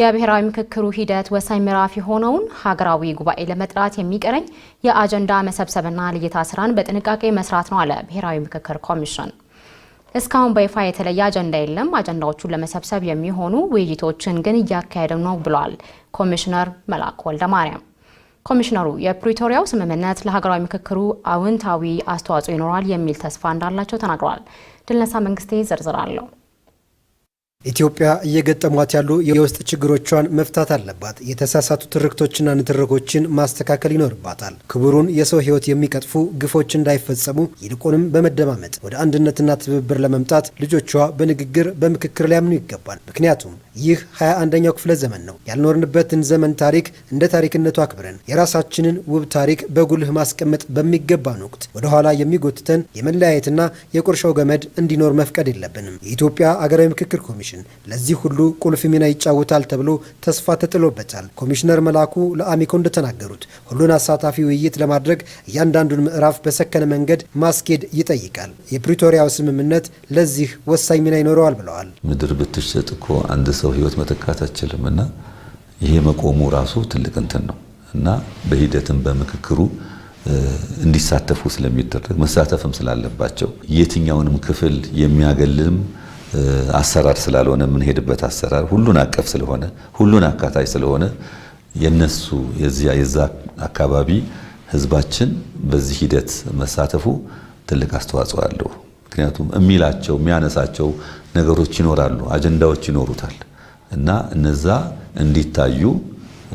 የብሔራዊ ምክክሩ ሂደት ወሳኝ ምዕራፍ የሆነውን ሀገራዊ ጉባኤ ለመጥራት የሚቀረኝ የአጀንዳ መሰብሰብና ልየታ ስራን በጥንቃቄ መስራት ነው አለ ብሔራዊ ምክክር ኮሚሽን። እስካሁን በይፋ የተለየ አጀንዳ የለም፣ አጀንዳዎቹን ለመሰብሰብ የሚሆኑ ውይይቶችን ግን እያካሄደ ነው ብሏል ኮሚሽነር መላኩ ወልደ ማርያም። ኮሚሽነሩ የፕሪቶሪያው ስምምነት ለሀገራዊ ምክክሩ አውንታዊ አስተዋጽኦ ይኖራል የሚል ተስፋ እንዳላቸው ተናግረዋል። ድልነሳ መንግስቴ ዝርዝር አለው። ኢትዮጵያ እየገጠሟት ያሉ የውስጥ ችግሮቿን መፍታት አለባት። የተሳሳቱ ትርክቶችና ንትርኮችን ማስተካከል ይኖርባታል። ክቡሩን የሰው ሕይወት የሚቀጥፉ ግፎች እንዳይፈጸሙ ይልቁንም በመደማመጥ ወደ አንድነትና ትብብር ለመምጣት ልጆቿ በንግግር በምክክር ሊያምኑ ይገባል። ምክንያቱም ይህ ሃያ አንደኛው ክፍለ ዘመን ነው። ያልኖርንበትን ዘመን ታሪክ እንደ ታሪክነቱ አክብረን የራሳችንን ውብ ታሪክ በጉልህ ማስቀመጥ በሚገባን ወቅት ወደኋላ የሚጎትተን የመለያየትና የቁርሾው ገመድ እንዲኖር መፍቀድ የለብንም። የኢትዮጵያ አገራዊ ምክክር ኮሚሽን ኮሚሽን ለዚህ ሁሉ ቁልፍ ሚና ይጫወታል ተብሎ ተስፋ ተጥሎበታል። ኮሚሽነር መላኩ ለአሚኮ እንደተናገሩት ሁሉን አሳታፊ ውይይት ለማድረግ እያንዳንዱን ምዕራፍ በሰከነ መንገድ ማስኬድ ይጠይቃል። የፕሪቶሪያው ስምምነት ለዚህ ወሳኝ ሚና ይኖረዋል ብለዋል። ምድር ብትሸጥ እኮ አንድ ሰው ህይወት መተካት አይችልም እና ይሄ መቆሙ ራሱ ትልቅ እንትን ነው እና በሂደትም በምክክሩ እንዲሳተፉ ስለሚደረግ መሳተፍም ስላለባቸው የትኛውንም ክፍል የሚያገልም አሰራር ስላልሆነ የምንሄድበት አሰራር ሁሉን አቀፍ ስለሆነ ሁሉን አካታች ስለሆነ የነሱ የዚያ የዛ አካባቢ ህዝባችን በዚህ ሂደት መሳተፉ ትልቅ አስተዋጽኦ አለው። ምክንያቱም የሚላቸው የሚያነሳቸው ነገሮች ይኖራሉ፣ አጀንዳዎች ይኖሩታል እና እነዛ እንዲታዩ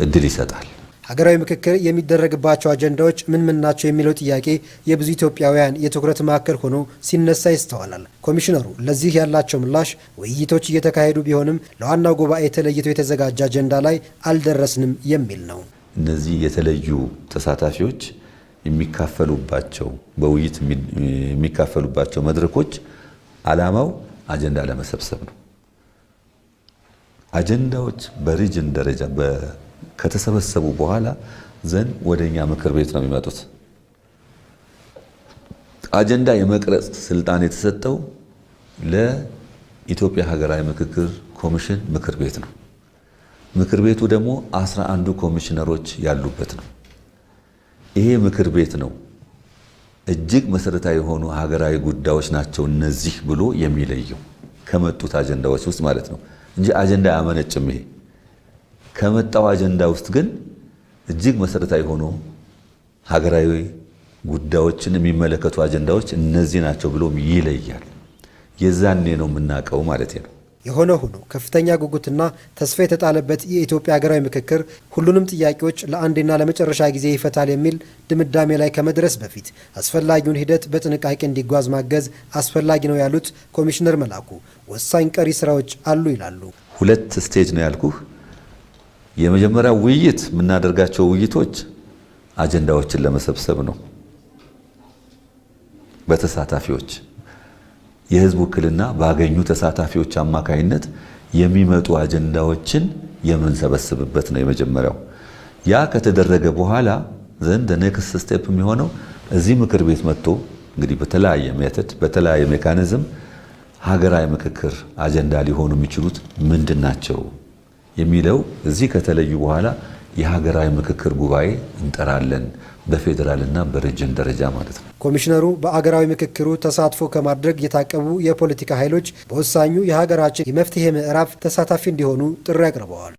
እድል ይሰጣል። ሀገራዊ ምክክር የሚደረግባቸው አጀንዳዎች ምን ምን ናቸው የሚለው ጥያቄ የብዙ ኢትዮጵያውያን የትኩረት ማዕከል ሆኖ ሲነሳ ይስተዋላል። ኮሚሽነሩ ለዚህ ያላቸው ምላሽ ውይይቶች እየተካሄዱ ቢሆንም ለዋናው ጉባኤ ተለይቶ የተዘጋጀ አጀንዳ ላይ አልደረስንም የሚል ነው። እነዚህ የተለዩ ተሳታፊዎች የሚካፈሉባቸው በውይይት የሚካፈሉባቸው መድረኮች ዓላማው አጀንዳ ለመሰብሰብ ነው። አጀንዳዎች በሪጅን ደረጃ ከተሰበሰቡ በኋላ ዘን ወደኛ ምክር ቤት ነው የሚመጡት። አጀንዳ የመቅረጽ ስልጣን የተሰጠው ለኢትዮጵያ ሀገራዊ ምክክር ኮሚሽን ምክር ቤት ነው። ምክር ቤቱ ደግሞ አስራ አንዱ ኮሚሽነሮች ያሉበት ነው። ይሄ ምክር ቤት ነው እጅግ መሰረታዊ የሆኑ ሀገራዊ ጉዳዮች ናቸው እነዚህ ብሎ የሚለየው ከመጡት አጀንዳዎች ውስጥ ማለት ነው እንጂ አጀንዳ አያመነጭም ይሄ ከመጣው አጀንዳ ውስጥ ግን እጅግ መሰረታዊ ሆኖ ሀገራዊ ጉዳዮችን የሚመለከቱ አጀንዳዎች እነዚህ ናቸው ብሎም ይለያል። የዛኔ ነው የምናውቀው ማለት ነው። የሆነ ሆኖ ከፍተኛ ጉጉትና ተስፋ የተጣለበት የኢትዮጵያ ሀገራዊ ምክክር ሁሉንም ጥያቄዎች ለአንዴና ለመጨረሻ ጊዜ ይፈታል የሚል ድምዳሜ ላይ ከመድረስ በፊት አስፈላጊውን ሂደት በጥንቃቄ እንዲጓዝ ማገዝ አስፈላጊ ነው ያሉት ኮሚሽነር መላኩ ወሳኝ ቀሪ ስራዎች አሉ ይላሉ። ሁለት ስቴጅ ነው ያልኩህ የመጀመሪያው ውይይት የምናደርጋቸው ውይይቶች አጀንዳዎችን ለመሰብሰብ ነው። በተሳታፊዎች የህዝብ ውክልና ባገኙ ተሳታፊዎች አማካይነት የሚመጡ አጀንዳዎችን የምንሰበስብበት ነው የመጀመሪያው። ያ ከተደረገ በኋላ ዘንድ ኔክስት ስቴፕ የሚሆነው እዚህ ምክር ቤት መጥቶ እንግዲህ በተለያየ ሜተድ በተለያየ ሜካኒዝም ሀገራዊ ምክክር አጀንዳ ሊሆኑ የሚችሉት ምንድን ናቸው የሚለው እዚህ ከተለዩ በኋላ የሀገራዊ ምክክር ጉባኤ እንጠራለን በፌዴራልና በሬጅን ደረጃ ማለት ነው። ኮሚሽነሩ በአገራዊ ምክክሩ ተሳትፎ ከማድረግ የታቀቡ የፖለቲካ ኃይሎች በወሳኙ የሀገራችን የመፍትሄ ምዕራፍ ተሳታፊ እንዲሆኑ ጥሪ አቅርበዋል።